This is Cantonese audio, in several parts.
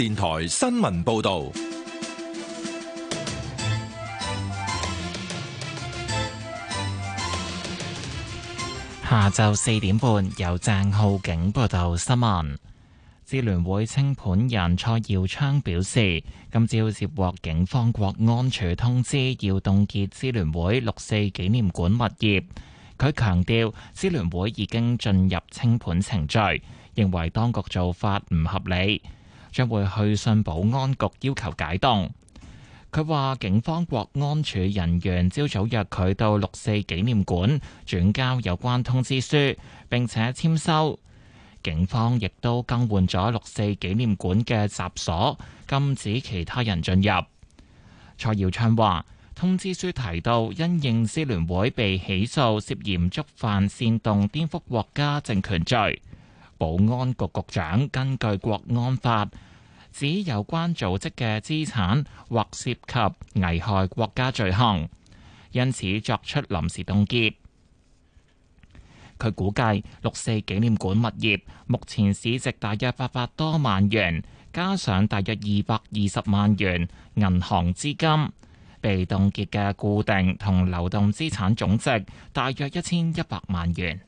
電台新聞報道，下晝四點半由鄭浩景報道新聞。支聯會清盤人蔡耀昌表示，今朝接獲警方國安處通知，要凍結支聯會六四紀念館物業。佢強調，支聯會已經進入清盤程序，認為當局做法唔合理。將會去信保安局要求解凍。佢話警方國安處人員朝早約佢到六四紀念館轉交有關通知書，並且簽收。警方亦都更換咗六四紀念館嘅閘鎖，禁止其他人進入。蔡耀昌話通知書提到，因應支聯會被起訴涉嫌觸犯煽動、顛覆國家政權罪，保安局局長根據國安法，指有關組織嘅資產或涉及危害國家罪行，因此作出臨時凍結。佢估計六四紀念館物業目前市值大約八百多萬元，加上大約二百二十萬元銀行資金，被凍結嘅固定同流動資產總值大約一千一百萬元。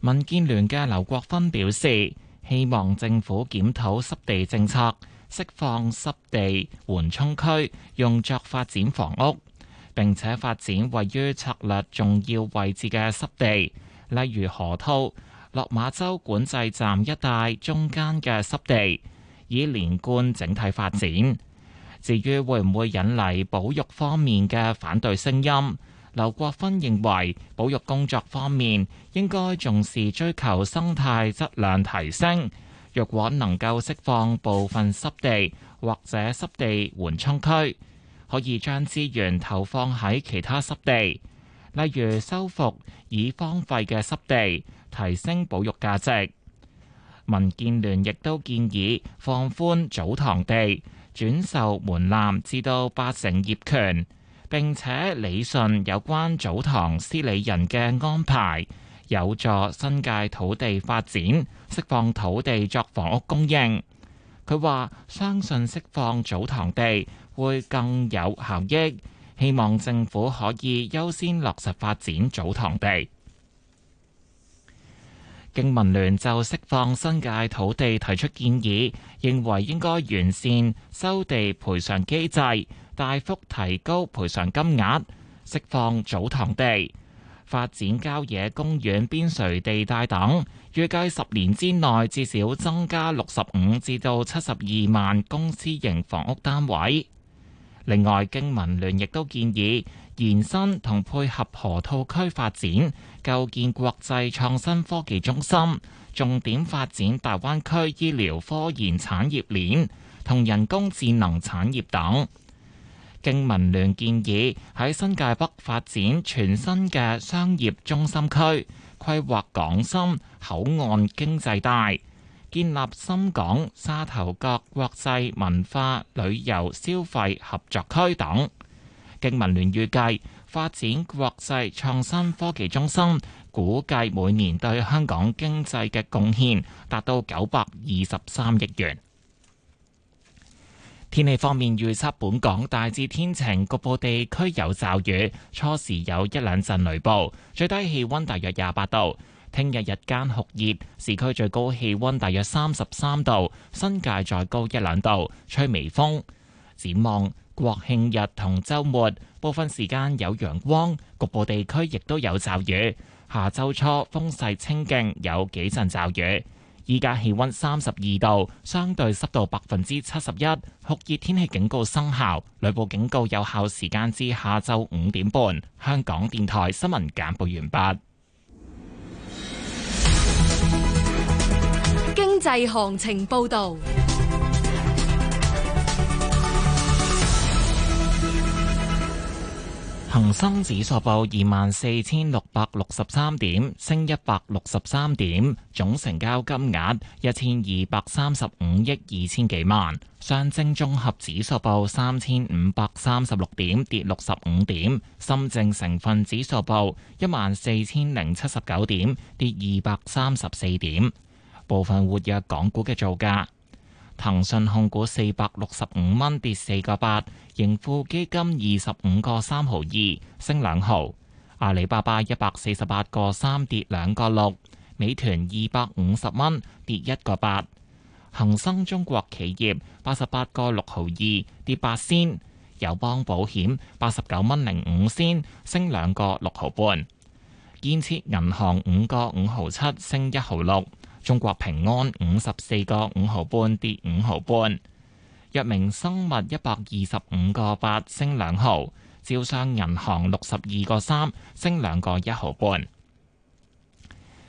民建聯嘅劉國勳表示，希望政府檢討濕地政策，釋放濕地緩衝區，用作發展房屋，並且發展位於策略重要位置嘅濕地，例如河套、落馬洲管制站一帶中間嘅濕地，以連貫整體發展。至於會唔會引嚟保育方面嘅反對聲音？劉國芬認為，保育工作方面應該重視追求生態質量提升。若果能夠釋放部分濕地或者濕地緩衝區，可以將資源投放喺其他濕地，例如修復已荒廢嘅濕地，提升保育價值。民建聯亦都建議放寬祖堂地轉售門檻，至到八成業權。並且理順有關祖堂司理人嘅安排，有助新界土地發展，釋放土地作房屋供應。佢話相信釋放祖堂地會更有效益，希望政府可以優先落實發展祖堂地。經民聯就釋放新界土地提出建議，認為應該完善收地賠償機制。大幅提高賠償金額，釋放祖堂地發展郊野公園邊陲地帶等，預計十年之內至少增加六十五至到七十二萬公私營房屋單位。另外，經民聯亦都建議延伸同配合河套區發展，構建國際創新科技中心，重點發展大灣區醫療科研產業鏈同人工智能產業等。經民聯建議喺新界北發展全新嘅商業中心區，規劃港深口岸經濟帶，建立深港沙頭角國際文化旅遊消費合作區等。經民聯預計，發展國際創新科技中心，估計每年對香港經濟嘅貢獻達到九百二十三億元。天氣方面預測，本港大致天晴，局部地區有驟雨，初時有一兩陣雷暴，最低氣溫大約廿八度。聽日日間酷熱，市區最高氣溫大約三十三度，新界再高一兩度，吹微風。展望國慶日同周末，部分時間有陽光，局部地區亦都有驟雨。下周初風勢清勁，有幾陣驟雨。依家氣温三十二度，相對濕度百分之七十一，酷熱天氣警告生效，雷暴警告有效時間至下晝五點半。香港電台新聞簡報完畢。經濟行情報道。恒生指數報二萬四千六百六十三點，升一百六十三點，總成交金額一千二百三十五億二千幾萬。上證綜合指數報三千五百三十六點，跌六十五點。深證成分指數報一萬四千零七十九點，跌二百三十四點。部分活躍港股嘅造價，騰訊控股四百六十五蚊，跌四個八。盈富基金二十五個三毫二，升兩毫；阿里巴巴一百四十八個三，跌兩個六；美團二百五十蚊，跌一個八；恒生中國企業八十八個六毫二，跌八仙；友邦保險八十九蚊零五仙，升兩個六毫半；建設銀行五個五毫七，升一毫六；中國平安五十四個五毫半，跌五毫半。藥明生物一百二十五個八升兩毫，招商銀行六十二個三升兩個一毫半。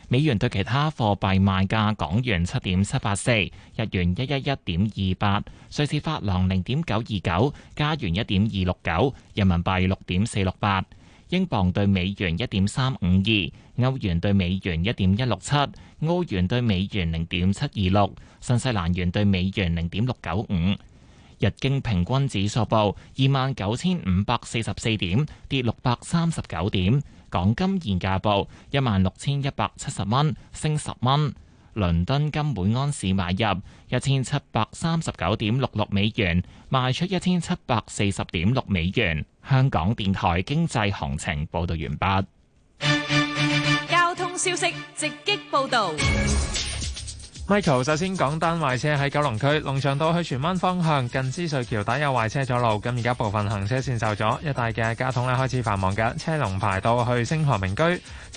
美元對其他貨幣賣價：港元七點七八四，日元一一一點二八，瑞士法郎零點九二九，加元一點二六九，人民幣六點四六八，英鎊對美元一點三五二，歐元對美元一點一六七，歐元對美元零點七二六，新西蘭元對美元零點六九五。日經平均指數報二萬九千五百四十四點，跌六百三十九點。港金現價報一萬六千一百七十蚊，升十蚊。倫敦金每安士買入一千七百三十九點六六美元，賣出一千七百四十點六美元。香港電台經濟行情報道完畢。交通消息直擊報道。Michael 首先講單壞車，喺九龍區龍翔道去荃灣方向，近資瑞橋底有壞車阻路，咁而家部分行車線受阻，一帶嘅交通咧開始繁忙嘅，車龍排到去星河明居。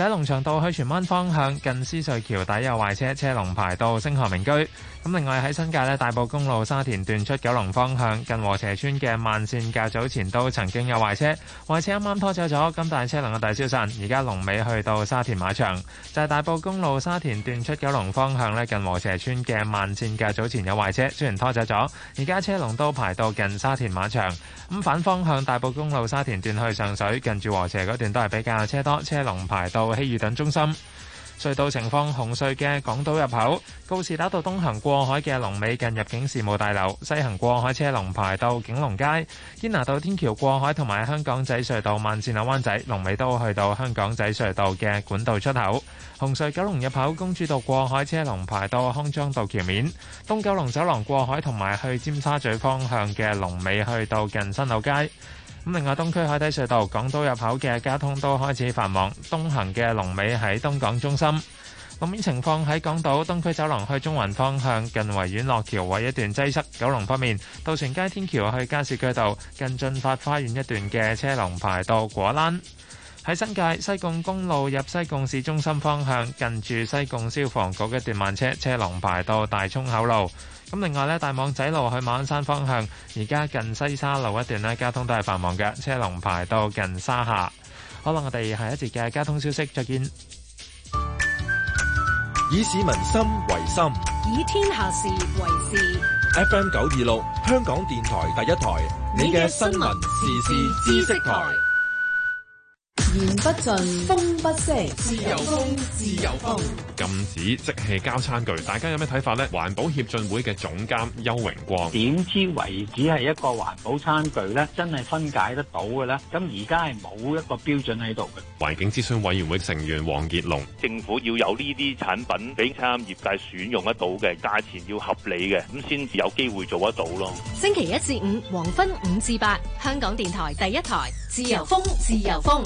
喺龍翔道去荃灣方向，近獅隧橋底有壞車，車龍排到星河名居。咁另外喺新界咧大埔公路沙田段出九龍方向，近禾輋村嘅慢線較早前都曾經有壞車，壞車啱啱拖走咗，今大車龍嘅大消散，而家龍尾去到沙田馬場。就係大埔公路沙田段出九龍方向咧，近禾輋村嘅慢線較早前有壞車，雖然拖走咗，而家車龍都排到近沙田馬場。咁反方向大埔公路沙田段去上水，近住禾輋嗰段都係比較車多，車龍排到希爾頓中心。隧道情況：紅隧嘅港島入口，告士打道東行過海嘅龍尾近入境事務大樓；西行過海車龍排到景隆街，堅拿道天橋過海同埋香港仔隧道慢線落灣仔龍尾都去到香港仔隧道嘅管道出口。紅隧九龍入口，公主道過海車龍排到康莊道橋面；東九龍走廊過海同埋去尖沙咀方向嘅龍尾去到近新柳街。咁另外，東區海底隧道港島入口嘅交通都開始繁忙，東行嘅龍尾喺東港中心。路面情況喺港島東區走廊去中環方向，近維園落橋位一段擠塞。九龍方面，渡船街天橋去加士居道近進發花園一段嘅車龍排到果欄。喺新界西貢公路入西貢市中心方向，近住西貢消防局一段慢車車龍排到大涌口路。咁另外咧，大網仔路去馬鞍山方向，而家近西沙路一段呢，交通都係繁忙嘅，車龍排到近沙下。好啦，我哋下一節嘅交通消息，再見。以市民心為心，以天下事為事。FM 九二六，香港電台第一台，你嘅新聞時事知識台。言不盡，風不息，自由風，自由風。禁止即棄交餐具，大家有咩睇法呢？環保協進會嘅總監邱榮光，點知為止係一個環保餐具呢，真係分解得到嘅呢。咁而家係冇一個標準喺度嘅。環境諮詢委員會成員黃傑龍，政府要有呢啲產品俾餐飲業界選用得到嘅，價錢要合理嘅，咁先至有機會做得到咯。星期一至五黃昏五至八，香港電台第一台，自由風，自由風。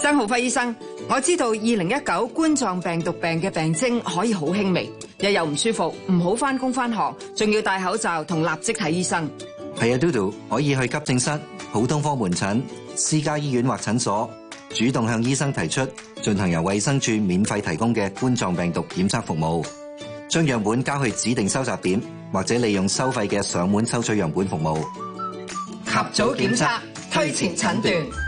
曾浩輝醫生，我知道二零一九冠狀病毒病嘅病徵可以好輕微，日又唔舒服，唔好返工返學，仲要戴口罩同立即睇醫生。係啊，Dodo oo, 可以去急症室、普通科門診、私家醫院或診所，主動向醫生提出進行由衛生署免費提供嘅冠狀病毒檢測服務，將樣本交去指定收集點或者利用收費嘅上門收取樣本服務，及早檢測，推前診斷。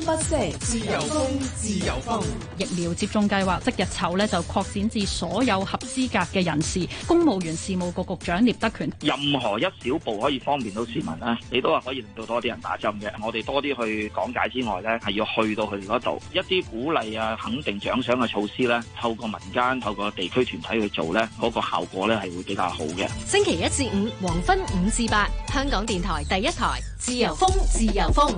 不息，自由風，自由風。疫苗接種計劃即日籌咧就擴展至所有合資格嘅人士。公務員事務局局長聶德權，任何一小步可以方便到市民呢，你都係可以令到多啲人打針嘅。我哋多啲去講解之外咧，係要去到佢哋嗰度，一啲鼓勵啊、肯定、獎賞嘅措施呢，透過民間、透過地區團體去做咧，嗰個效果咧係會比較好嘅。星期一至五黃昏五至八，香港電台第一台，自由風，自由風。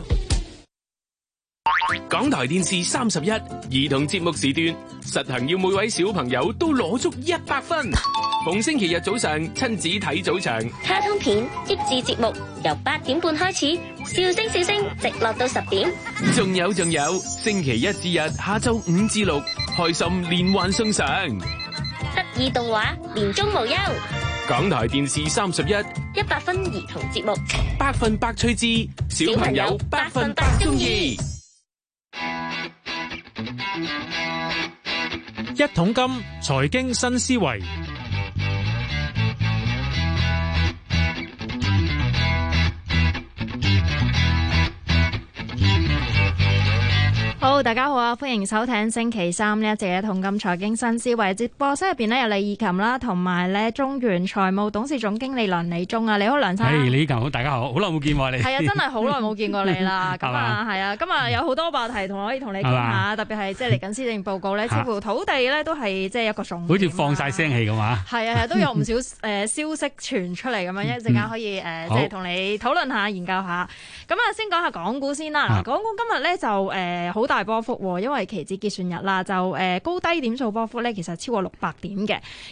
港台電視三十一兒童節目時段實行要每位小朋友都攞足一百分。逢星期日早上親子睇早場卡通片、益智節目，由八點半開始，笑聲笑聲直落到十點。仲有仲有，星期一至日下晝五至六開心連環送上得意動畫，年中無憂。港台電視三十一一百分兒童節目，百分百趣致小朋友百分百中意。一桶金，財經新思維。大家好啊！歡迎收聽星期三呢一節嘅《謝同金財經新思維》直播室入邊呢，有李義琴啦，同埋咧中原財務董事總經理梁理中啊，你好，梁生。誒，李義琴好，大家好，好耐冇見過，你。係啊，真係好耐冇見過你啦，咁 啊，係吧啊，今日有好多話題，同可以同你講下，是吧特別係即係嚟緊施政報告咧，似乎土地咧都係即係一個重點。好似放晒聲氣咁啊！係啊係，都有唔少誒、 呃、消息傳出嚟咁樣，一陣間可以誒、嗯、即係同好你討論下、研究一下。咁啊，先講下港股先啦。啊、港股今日咧就誒好、呃、大波波幅，因為期指結算日啦，就誒、呃、高低點數波幅呢，其實超過六百點嘅。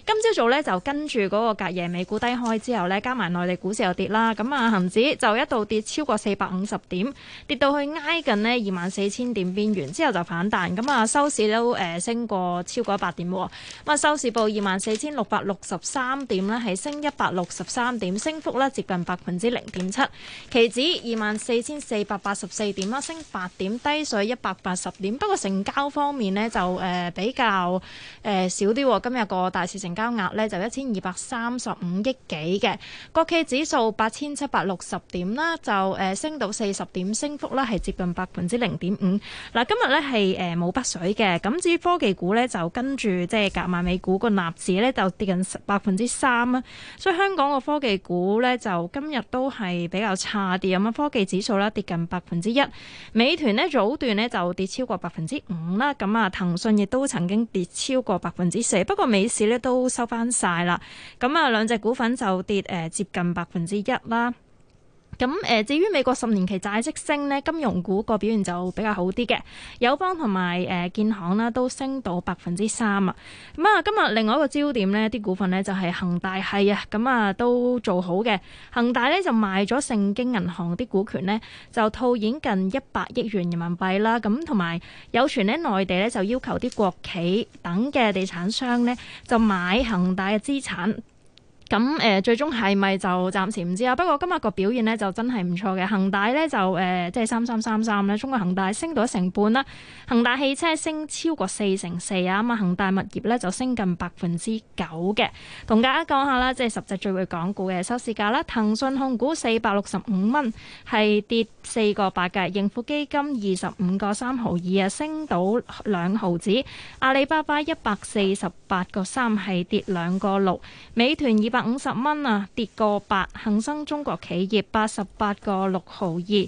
今朝早，早呢，就跟住嗰個隔夜美股低開之後呢，加埋內地股市又跌啦，咁啊恒指就一度跌超過四百五十點，跌到去挨近呢二萬四千點邊緣，之後就反彈，咁啊收市都誒、呃、升過超過一百點。咁啊收市報二萬四千六百六十三點呢，係升一百六十三點，升幅呢接近百分之零點七。期指二萬四千四百八十四點啦，升八點，低水一百八。十點，不過成交方面呢，就誒、呃、比較誒、呃、少啲、啊。今日個大市成交額呢，就一千二百三十五億幾嘅，國企指數八千七百六十點啦，就誒、呃、升到四十點，升幅呢係接近百分之零點五。嗱、啊，今日呢係誒冇北水嘅，咁至於科技股呢，就跟住即係夾埋美股個納指呢，就跌近百分之三啦，所以香港個科技股呢，就今日都係比較差啲咁樣。科技指數呢跌近百分之一，美團呢，早段呢就跌超過百分之五啦，咁啊騰訊亦都曾經跌超過百分之四，不過美市呢都收翻晒啦，咁啊兩隻股份就跌誒接近百分之一啦。咁誒，至於美國十年期債息升呢，金融股個表現就比較好啲嘅，友邦同埋誒建行啦，都升到百分之三啊。咁啊，今日另外一個焦點呢啲股份呢，就係恒大系啊，咁啊都做好嘅。恒大呢，就賣咗盛京銀行啲股權呢，就套現近一百億元人民幣啦。咁同埋有傳呢內地呢，就要求啲國企等嘅地產商呢，就買恒大嘅資產。咁誒最終係咪就暫時唔知啊？不過今日個表現咧就真係唔錯嘅，恒大咧就誒即係三三三三咧，中國恒大升到一成半啦，恒大汽車升超過四成四啊，咁啊恒大物業咧就升近百分之九嘅。同大家講下啦，即係十隻最會港股嘅收市價啦。騰訊控股四百六十五蚊，係跌四個八㗎；盈富基金二十五個三毫二啊，升到兩毫子；阿里巴巴一百四十八個三係跌兩個六；美團二百五十蚊啊，跌個八。恒生中國企業八十八個六毫二。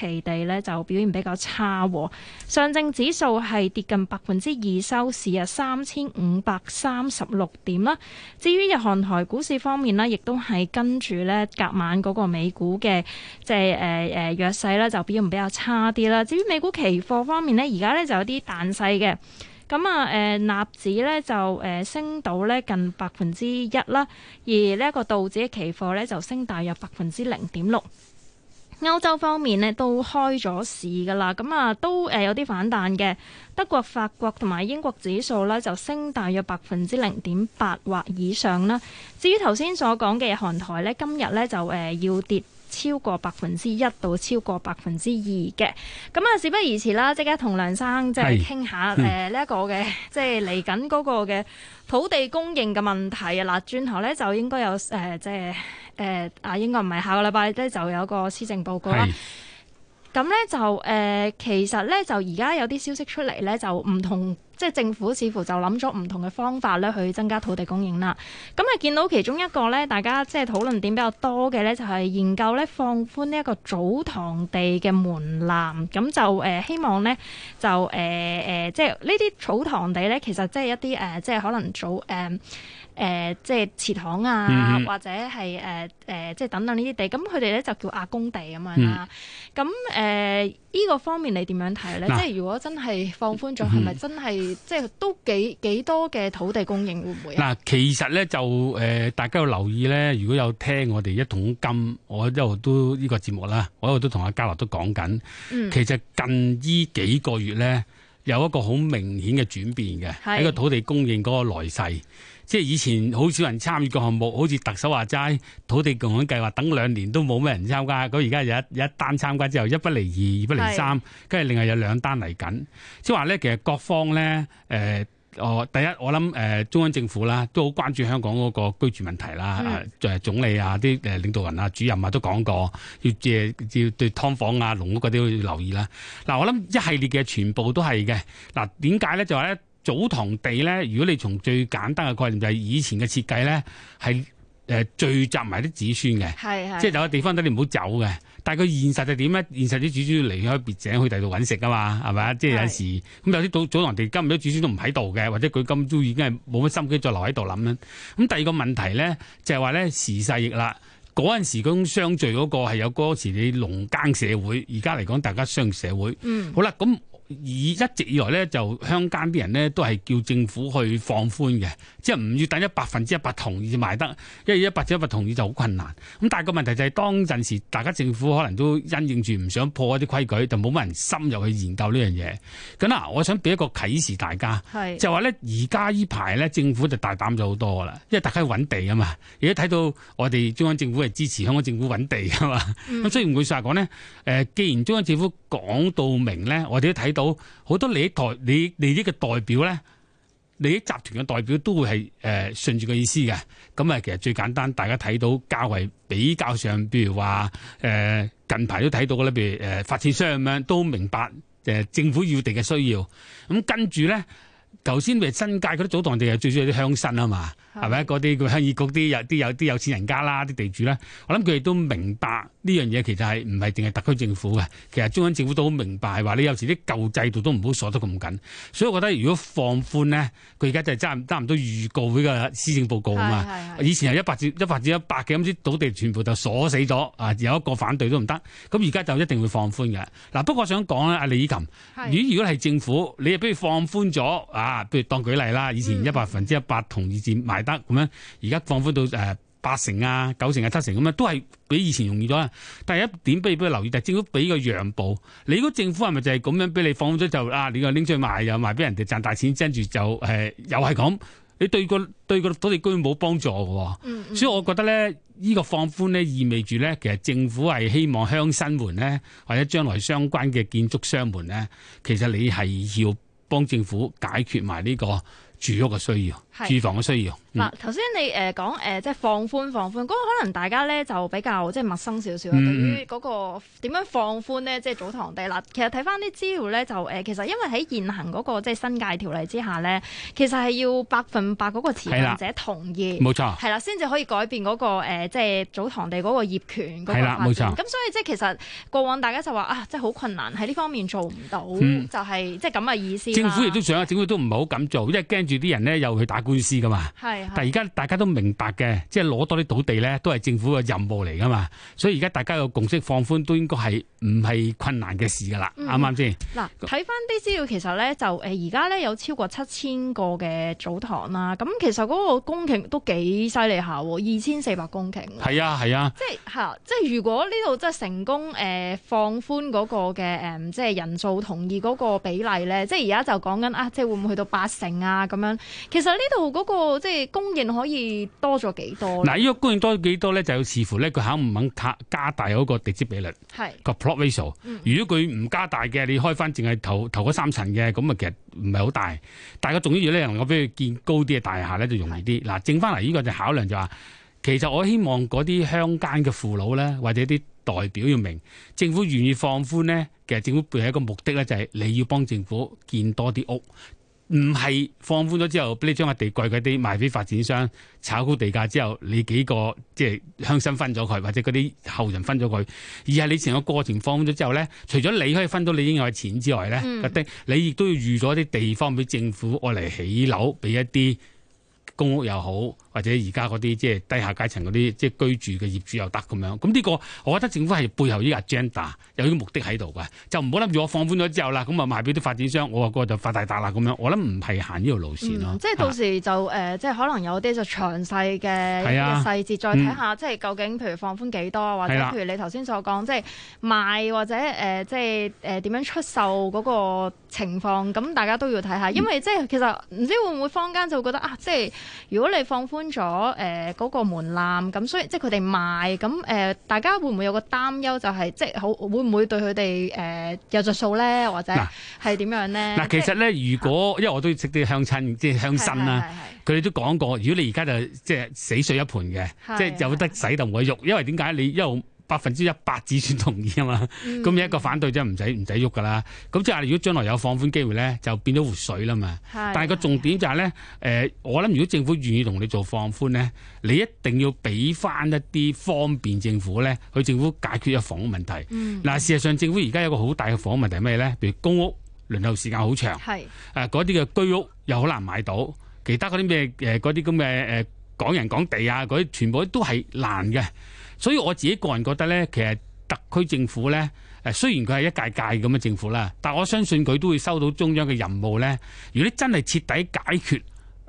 期地咧就表現比較差，哦，上證指數係跌近百分之二收市啊，三千五百三十六點啦。至於日韓台股市方面呢，亦都係跟住咧隔晚嗰個美股嘅即係誒誒弱勢咧，就表現比較差啲啦。至於美股期貨方面呢，而家咧就有啲彈勢嘅。咁啊誒、呃、納指咧就誒、呃、升到咧近百分之一啦，而呢一個道指嘅期貨咧就升大約百分之零點六。歐洲方面咧都開咗市噶啦，咁、嗯、啊都誒、呃、有啲反彈嘅。德國、法國同埋英國指數咧就升大約百分之零點八或以上啦。至於頭先所講嘅韓台咧，今日咧就誒、呃、要跌超過百分之一到超過百分之二嘅。咁啊、嗯，事不宜遲啦，即刻同梁生即係傾下誒呢一個嘅即係嚟緊嗰個嘅土地供應嘅問題啊！嗱，轉頭咧就應該有誒、呃、即係。誒啊，應該唔係下個禮拜咧，就有個施政報告啦。咁咧是就誒、呃，其實咧就而家有啲消息出嚟咧，就唔同，即係政府似乎就諗咗唔同嘅方法咧，去增加土地供應啦。咁啊，見到其中一個咧，大家即係討論點比較多嘅咧，就係研究咧放寬呢一個祖堂地嘅門檻。咁就誒、呃，希望咧就誒誒、呃呃，即係呢啲祖堂地咧，其實即係一啲誒、呃，即係可能祖誒。呃誒、呃，即係祖堂啊，嗯、哼或者係誒誒，即係等等呢啲地，咁佢哋咧就叫阿公地咁樣啦。咁誒、嗯，呢、呃這個方面你點樣睇咧？呃、即係如果真係放寬咗，係咪、呃、真係即係都幾幾多嘅土地供應會唔會？嗱、呃，其實咧就誒、呃，大家有留意咧，如果有聽我哋一桶金，我一路都呢、這個節目啦，我一路都同阿嘉樂都講緊。嗯、其實近依幾個月咧。有一個好明顯嘅轉變嘅，喺個土地供應嗰個來勢。即係以前好少人參與個項目，好似特首話齋土地共享計劃等兩年都冇咩人參加。咁而家有一一單參加之後一不離二二不離三，跟住是另外有兩單嚟緊，即係話咧，其實各方咧誒。呃我第一，我諗誒中央政府啦，都好關注香港嗰個居住問題啦。誒、嗯，總理啊，啲誒領導人啊，主任啊都講過，要即係要對劏房啊、農屋嗰啲都要留意啦。嗱，我諗一系列嘅全部都係嘅。嗱，點解咧？就係、是、咧祖堂地咧，如果你從最簡單嘅概念，就係、是、以前嘅設計咧，係誒聚集埋啲子孫嘅，即係有個地方你唔好走嘅。但係佢現實就點咧？現實啲主主離開別井去第度搵食噶嘛？係咪啊？即係有時咁是、嗯、有啲祖堂地哋，今唔啲主主都唔喺度嘅，或者佢今朝已經係冇乜心機再留喺度諗啦。咁、嗯、第二個問題咧，就係話咧時勢易啦，嗰陣時嗰種相聚嗰、那個係有嗰時你農耕社會，而家嚟講大家商業社會。嗯，好啦，咁、嗯。以一直以來咧，就鄉間啲人咧都係叫政府去放寬嘅，即係唔要等一百分之一百同意就賣得，因為一百分之一百同意就好困難。咁但係個問題就係、是、當陣時，大家政府可能都因應住唔想破一啲規矩，就冇乜人深入去研究呢樣嘢。咁啊，我想俾一個啟示大家，是就話咧而家呢排咧政府就大膽咗好多啦，因為大家揾地啊嘛，而家睇到我哋中央政府係支持香港政府揾地啊嘛。咁、嗯、 雖然句實話講咧，誒，既然中央政府講到明咧，我哋都睇到。好多利益代，利益利益嘅代表咧，利益集團嘅代表都會係誒、呃、順住個意思嘅。咁啊其實最簡單，大家睇到較為比較上，譬如話誒、呃、近排都睇到嘅咧，譬如誒、呃、發展商咁樣都明白誒、呃、政府要地嘅需要，咁、嗯、跟住咧，頭先譬如新界嗰啲祖堂地係最主要啲鄉紳啊嘛。係咪嗰啲佢鄉議局啲有啲有啲有錢人家啦，啲地主咧，我諗佢哋都明白呢樣嘢，其實係唔係淨係特區政府嘅？其實中央政府都好明白，話你有時啲舊制度都唔好鎖得咁緊，所以我覺得如果放寬呢，佢而家就爭爭唔多預告會嘅施政報告啊嘛。是是是是以前係一百至一百至一百嘅咁啲土地全部就鎖死咗啊，有一個反對都唔得。咁而家就一定會放寬嘅。嗱，不過我想講咧，阿李以琴，你如果係政府，你啊不如放寬咗啊，譬如當舉例啦，以前一百分之一百同意佔賣。得咁樣，而家放寬到誒八成啊、九成啊、七成咁樣，都係比以前容易咗。但係一點，不如俾佢留意，但係政府俾個讓步，你嗰政府係咪就係咁樣俾你放咗就啊？你又拎出去賣又賣俾人哋賺大錢，跟住就誒、啊、又係咁？你對個對個土地居民冇幫助噶、哦，嗯嗯所以我覺得咧，呢、這個放寬呢，意味住咧，其實政府係希望鄉紳們咧，或者將來相關嘅建築商們咧，其實你係要幫政府解決埋呢個住屋嘅需要。是住房嘅需要嗱，頭、嗯、先你誒講誒即係放寬放寬，嗰個可能大家咧就比較即係陌生少少啦。嗯、對於嗰、嗰個點樣放寬咧，即係祖堂地啦。其實睇返啲資料咧，就誒、呃、其實因為喺現行嗰、嗰個即係新界條例之下咧，其實係要百分百嗰個持有人者同意，冇錯，係啦，先至可以改變嗰、嗰個、呃、即係祖堂地嗰個業權個，係啦，冇錯。咁所以即係其實過往大家就話啊，即係好困難喺呢方面做唔到，嗯、就係、是、即係咁嘅意思。政府亦都想，政府都唔係好敢做，因為驚住啲人咧又去打。官司噶嘛，係係但係而家大家都明白嘅，即係攞多啲土地咧，都係政府嘅任務嚟噶嘛。所以而家大家有共識放寬都應該係唔係困難嘅事噶啦，啱唔啱先？嗱，睇翻啲資料，其實咧就誒而家咧有超過七千個嘅祖堂啦。咁其實嗰個公頃都幾犀利下，二千四百公頃，係啊係啊、呃呃、啊，即係吓，即係如果呢度即係成功誒放寬嗰個嘅誒即係人數同意嗰個比例咧，即係而家就講緊啊，即係會唔會去到八成啊咁樣，其實呢？度嗰個即係供應可以多咗幾多？嗱，依個供應多咗幾多咧？就要視乎咧，佢肯唔肯加大嗰個地積比率。係個 plot 是 ratio、嗯、如果佢唔加大嘅，你開翻淨係頭頭嗰三層嘅，咁啊，其實唔係好大。但係佢仲要咧，能夠畀佢建高啲嘅大廈咧，就容易啲。嗱是，剩翻嚟呢個就考量就話、是，其實我希望嗰啲鄉間嘅父老咧，或者啲代表要明，政府願意放寬咧，其實政府背後一個目的咧，就係你要幫政府建多啲屋。唔係放寬咗之後，俾你將個地貴嗰啲賣俾發展商炒高地價之後，你幾個即係鄉紳分咗佢，或者嗰啲後人分咗佢，而係你成個過程放寬咗之後咧，除咗你可以分到你應有嘅錢之外咧，嗯、你亦都要預咗啲地方俾政府愛嚟起樓，俾一啲公屋又好。或者而家嗰啲即係低下階層嗰啲即係居住嘅業主又得咁樣，咁呢個我覺得政府係背後呢個 agenda 有啲目的喺度嘅，就唔好諗住我放寬咗之後啦，咁啊賣俾啲發展商，我話嗰個就發大達啦咁樣，我諗唔係行呢條路線咯、嗯。即係到時就誒即係可能有啲就詳細嘅細節再睇下、嗯、即係究竟譬如放寬幾多，或者譬如你頭先所講、啊、即係賣或者誒、呃、即係誒點樣出售嗰個情況，咁大家都要睇下，嗯、因為即係其實唔知會唔會坊間就會覺得啊，即係如果你放寬。咗嗰、呃那個門檻，咁所以即係佢哋賣，咁、呃、大家會唔會有個擔憂、就係，就係即係好會唔會對佢哋誒有着數咧，或者係點樣咧？嗱、呃，即其實咧，如果、啊、因為我都識啲鄉親，即係鄉紳啊，佢哋都講過，如果你而家就即係死水一盤嘅，是是即係有得洗就唔會喐，因為點解你因百分之一百子孫同意啊嘛，咁、嗯、一個反對就唔使唔使喐噶啦。咁即係如果將來有放寬機會咧，就變咗活水啦嘛。是的但係個重點就係咧，誒的、呃，我諗如果政府願意同你做放寬咧，你一定要俾翻一啲方便政府咧，去政府解決咗房屋問題。嗱、嗯啊，事實上政府而家有個好大嘅房屋問題係咩咧？譬如公屋輪候時間好長，誒嗰啲嘅居屋又好難買到，其他嗰啲咩誒嗰啲咁嘅誒港人港地啊，嗰啲全部都係難嘅。所以我自己個人覺得呢，其實特區政府呢，誒雖然佢係一屆一屆咁嘅政府啦，但我相信佢都會收到中央嘅任務呢。如果你真係徹底解決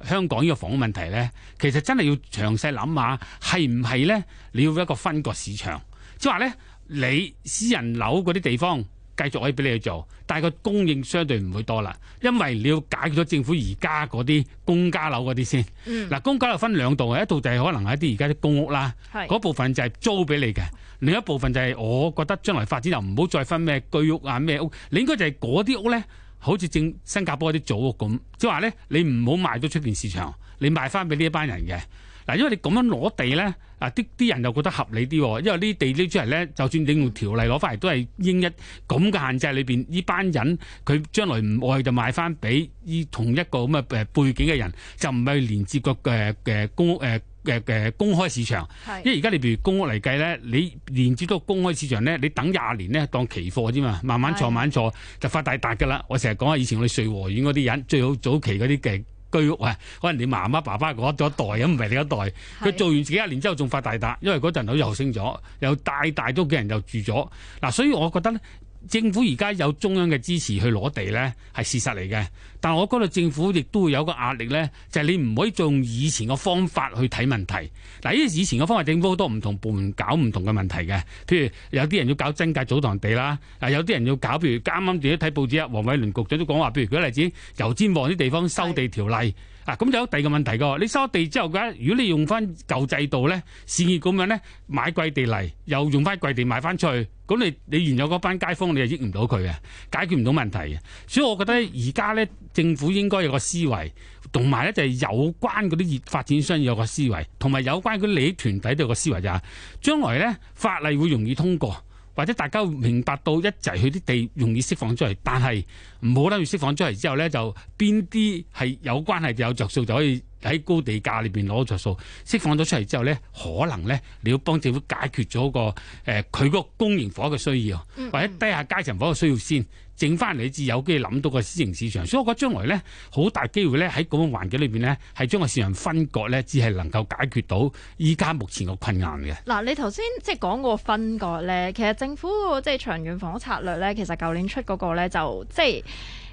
香港呢個房屋問題呢，其實真係要詳細諗下，係唔係呢？你要一個分割市場，即係話呢，你私人樓嗰啲地方，繼續可以俾你去做，但係個供應相對唔會多啦，因為你要解決咗政府而家嗰啲公家樓嗰啲先。嗱、嗯，公家樓分兩度，嘅，一度就係可能係一啲而家啲公屋啦，嗰是部分就係租俾你嘅，另一部分就係我覺得將來發展又唔好再分咩居屋啊咩屋，你應該就係嗰啲屋咧，好似正新加坡啲組屋咁，即係話咧，你唔好賣到出邊市場，你賣翻俾呢一班人嘅。嗱，因為你咁樣攞地咧，啊啲啲人又覺得合理啲，因為呢啲地攞出嚟咧，就算整條條例攞翻嚟，都係應一咁嘅限制裏邊，呢班人佢將來唔賣就賣翻俾呢同一個咁嘅誒背景嘅人，就唔係連接個誒誒公誒誒誒公開市場。是因為而家你譬如公屋嚟計咧，你連接到公開市場咧，你等廿年咧，當期貨啫嘛，慢慢坐慢慢坐就發大達噶啦。是我成日講啊，以前我哋瑞和苑嗰啲人最好早期嗰啲嘅。居屋啊，可能你媽媽爸爸嗰一代，咁唔係你一代，佢做完自己一年之後仲發大達，因為嗰陣樓又升咗，又大大都嘅人又住咗，嗱，所以我覺得咧。政府而家有中央嘅支持去攞地咧，係事實嚟嘅。但我覺得政府亦都會有個壓力咧，就係、是、你唔可以用以前嘅方法去睇問題。嗱，以前嘅方法，政府好多唔同部門搞唔同嘅問題嘅。譬如有啲人要搞增界祖堂地啦，嗱，有啲人要搞，譬如啱啱自己睇報紙啊，黃偉綸局長都講話，譬如舉例子，油尖旺啲地方收地條例。啊，咁就有第二個問題噶，你收咗地之後嘅，如果你用翻舊制度咧，善業咁樣咧，買貴地嚟，又用翻貴地賣翻出去，咁你你原有嗰班街坊，你係益唔到佢嘅，解決唔到問題嘅。所以我覺得而家咧，政府應該有個思維，同埋咧就係有關嗰啲發展商有個思維，同埋有，有關嗰啲利益團體都有個思維就係，將來咧法例會容易通過。或者大家明白到一齊去啲地容易釋放出嚟，但係唔好等佢釋放出嚟之後咧，就邊啲係有關係的有着數就可以喺高地價裏邊攞着數釋放咗出嚟之後咧，可能咧你要幫政府解決咗個誒佢個公營房嘅需要，或者低下階層房嘅需要先。整翻嚟至有機諗到個私營市場，所以我覺得將來咧好大機會咧喺咁嘅環境裏邊咧，係將個市場分割咧，只係能夠解決到依家目前個困難嘅。嗱，你頭先即係講個分割咧，其實政府個即係長遠房屋策略咧，其實舊年出嗰個咧就即係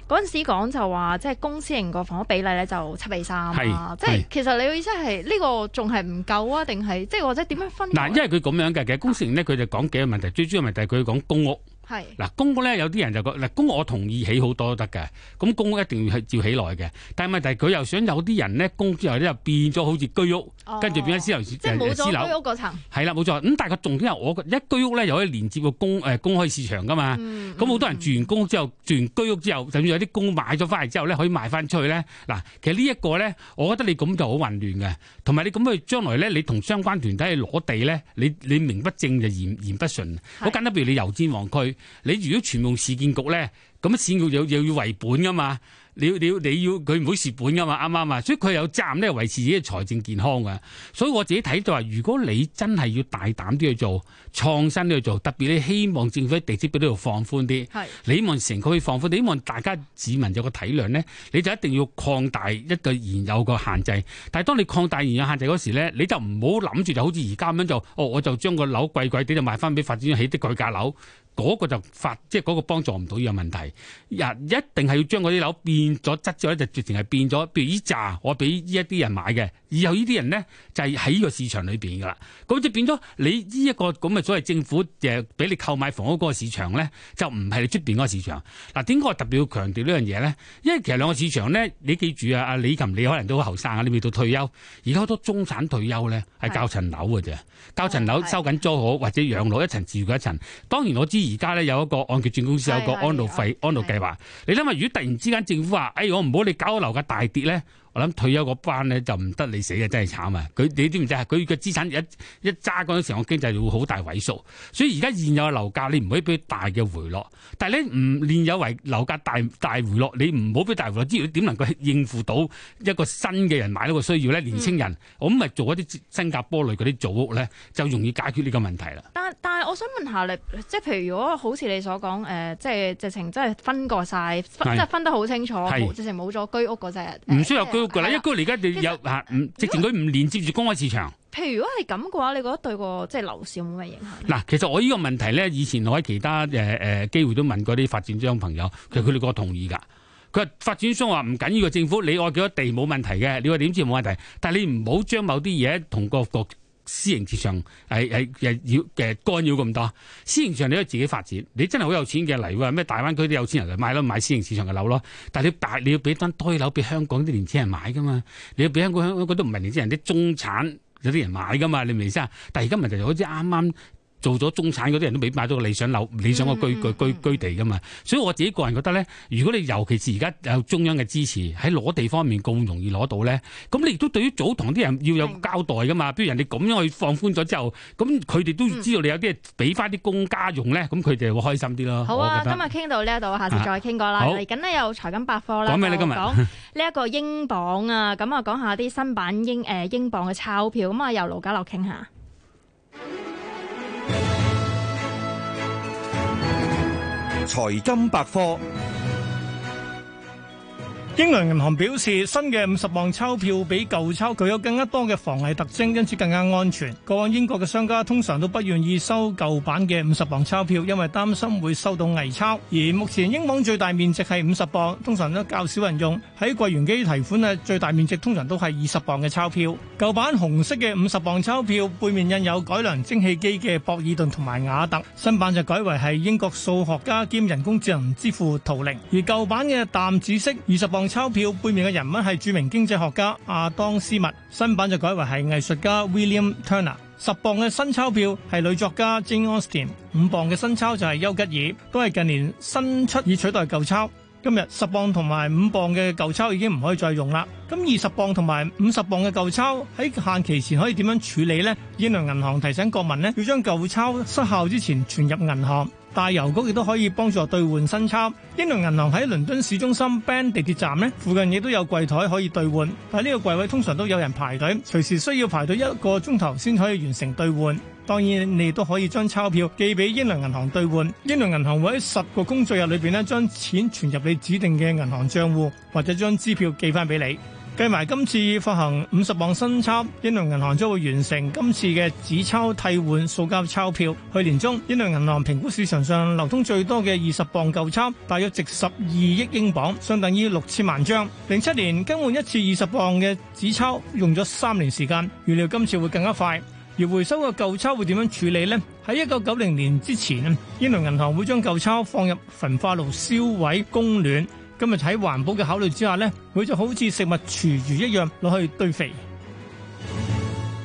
嗰陣時講就話，即係公私營個房屋比例咧就七比三啦。即係其實你嘅意思係呢個仲係唔夠啊？定係即係或者點樣分？嗱，因為佢咁樣嘅，嘅公私營咧佢就講幾個問題，最主要問題佢講公屋。係，嗱公屋咧，有啲人就講嗱，公屋我同意起好多都得嘅，咁公屋一定要係照起嚟嘅。但係問題佢又想有啲人咧，公屋之後咧又變咗好似居屋，跟住、哦、變咗私樓市場。即係冇咗居屋嗰層。係啦，冇、哦、錯。咁、嗯、但係個重點係我一居屋咧，又可以連接個公誒公開市場㗎嘛。咁好、嗯、多人住完公屋之後，嗯、住完居屋之後，甚至有啲公屋買咗翻嚟之後咧，可以賣翻出去咧。嗱，其實呢一個咧，我覺得你咁就好混亂嘅。同埋你咁去將來咧，你同相關團體去攞地咧，你你名不正就言言不順。是好簡單，譬如你油尖旺區。你如果全用市建局咧，咁啊市建局又又要為本噶嘛？你要你要你要佢唔會蝕本噶嘛？啱唔啱啊？所以佢有責任咧，維持自己嘅財政健康噶。所以我自己睇到話，如果你真係要大膽啲去做創新啲去做，特別你希望政府的地積比率呢度放寬啲，是你望成個去放寬，你希望大家市民有個體諒咧，你就一定要擴大一個現有個限制。但係當你擴大現有限制嗰時咧，你就唔好諗住就好似而家咁樣做。哦，我就將個樓貴貴啲就賣翻俾發展起啲改革樓。嗰個就發，即係嗰個幫助唔到呢個問題。一定係要將嗰啲樓變咗質咗，咧，就完全係變咗。譬如依紮，我俾呢一啲人買嘅，然後這些人呢啲人咧就係喺依個市場裏面噶啦。咁就變咗你呢一個咁嘅所謂政府誒俾你購買房屋嗰個市場咧，就唔係你出邊嗰個市場。嗱、啊，點解我特別要強調呢樣嘢咧？因為其實兩個市場咧，你記住啊，阿李琴，你可能都好後生啊，你未到退休，而家好多中產退休咧，係交層樓嘅啫，的交層樓收緊租好或者養老一層住嗰一,一,一層。當然我知。而家咧有一個按揭轉公司的有一個安老費的安老計劃，的你諗下，如果突然之間政府話：哎，我唔好你搞到樓價大跌咧，我諗退休個班咧就唔得你死嘅，真係慘啊！佢你知唔知啊？佢嘅資產一一揸嗰陣時，我經濟會好大萎縮。所以而家現有嘅樓價你唔可以俾大嘅回落，但係咧唔現有為樓價大大，大回落，你唔好俾大回落，之後點能夠應付到一個新嘅人買到嘅需要咧？嗯、年青人，我諗咪做一啲新加坡類嗰啲組屋咧，就容易解決呢個問題啦。我想問一下如如你說、呃，即係譬如如果好似你所講，誒，即係直情真係分過晒，是即係分得好清楚，直情冇咗居屋嗰、那、陣、個，唔、呃、需要有居屋啦，一的為居而家有嚇，直情佢唔連接住公開市場。譬如如果係咁嘅話，你覺得對個即係樓市有冇咩影響？嗱，其實我呢個問題咧，以前我喺其他誒誒、呃、機會都問過啲發展商朋友，其實佢哋個同意㗎。佢話、嗯、發展商話唔緊要嘅，政府你要幾多地冇問題嘅，你話點知冇問題？但係你唔好將某啲嘢同個個。個私營市場係係係要嘅干擾咁多，私營市場你可以自己發展。你真係好有錢嘅嚟喎，咩大灣區啲有錢人嚟買咯，買私營市場嘅樓咯，但係你大你要俾翻多啲樓俾香港啲年青人買噶嘛，你要俾香港香港都唔係年青人啲中產嗰啲人買噶嘛，你明唔明意思啊？但係而家問題係好似啱啱。做咗中產嗰啲人都未買到個理想樓、理想個居居居居地噶嘛，所以我自己個人覺得咧，如果你尤其是而家有中央嘅支持，喺攞地方面咁容易攞到咧，咁你亦都對於祖堂啲人要有交代噶嘛，譬如人哋咁樣去放寬咗之後，咁佢哋都知道你有啲俾翻啲公家用咧，咁佢哋會開心啲咯。好啊，今日傾到呢一度，我下次再傾過啦。嚟緊咧有財金百科啦，講咩呢？今日講呢一個英鎊啊，咁啊講下啲新版英誒英鎊嘅鈔票，咁啊由盧家樂傾下。財金百科。英格蘭銀行表示，新嘅五十鎊鈔票比舊鈔具有更加多嘅防偽特徵，因此更加安全。過往英國嘅商家通常都不願意收舊版嘅五十鎊鈔票，因為擔心會收到偽鈔。而目前英鎊最大面值係五十鎊，通常都較少人用。喺櫃員機提款呢，最大面值通常都係二十鎊嘅鈔票。舊版紅色嘅五十鎊鈔票背面印有改良蒸汽機嘅博爾頓同埋瓦特，新版就改為係英國數學家兼人工智能之父圖靈。而舊版嘅淡紫色二十鎊鈔票背面嘅人物係著名經濟學家阿當斯密，新版就改為係藝術家 William Turner。十磅嘅新鈔票係女作家 Jane Austen，五磅嘅新鈔就係丘吉爾，都係近年新出已取代舊鈔。今日十磅同埋五磅嘅舊鈔已經唔可以再用啦。咁二十磅同埋五十磅嘅舊鈔喺限期前可以點樣處理呢？英倫銀行提醒國民咧，要將舊鈔失效之前存入銀行。大郵局亦都可以幫助兌換新鈔。英倫銀行喺倫敦市中心 Bank 地鐵站呢附近，亦都有櫃台可以兌換。喺呢個櫃位通常都有人排隊，隨時需要排隊一個鐘頭先可以完成兌換。當然，你都可以將鈔票寄俾英倫銀行兌換。英倫銀行會喺十個工作日裏邊咧將錢存入你指定嘅銀行帳戶，或者將支票寄翻俾你。計埋今次發行五十磅新鈔，英倫銀行將會完成今次嘅紙鈔替換數交鈔票。去年中，英倫銀行評估市場上流通最多嘅二十磅舊鈔，大約值十二億英鎊，相當於六千萬張。零七年更換一次二十磅嘅紙鈔，用咗三年時間，預料今次會更加快。而回收嘅舊鈔會點樣處理呢？喺一九九零年之前，英倫銀行會將舊鈔放入焚化爐燒毀供暖。今日喺環保嘅考慮之下呢，佢就好似食物廚餘一樣攞去堆肥。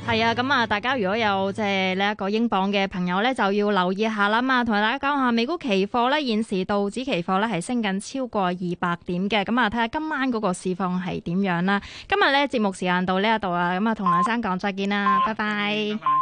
係啊，咁啊，大家如果有即係呢一個英鎊嘅朋友呢，就要留意下啦嘛。同埋大家講下美股期貨呢，現時道指期貨呢係升緊超過二百點嘅，咁啊睇下今晚嗰個市況係點樣啦。今日呢，節目時間到呢一度啊，咁啊同梁生講再見啦，拜拜。拜拜。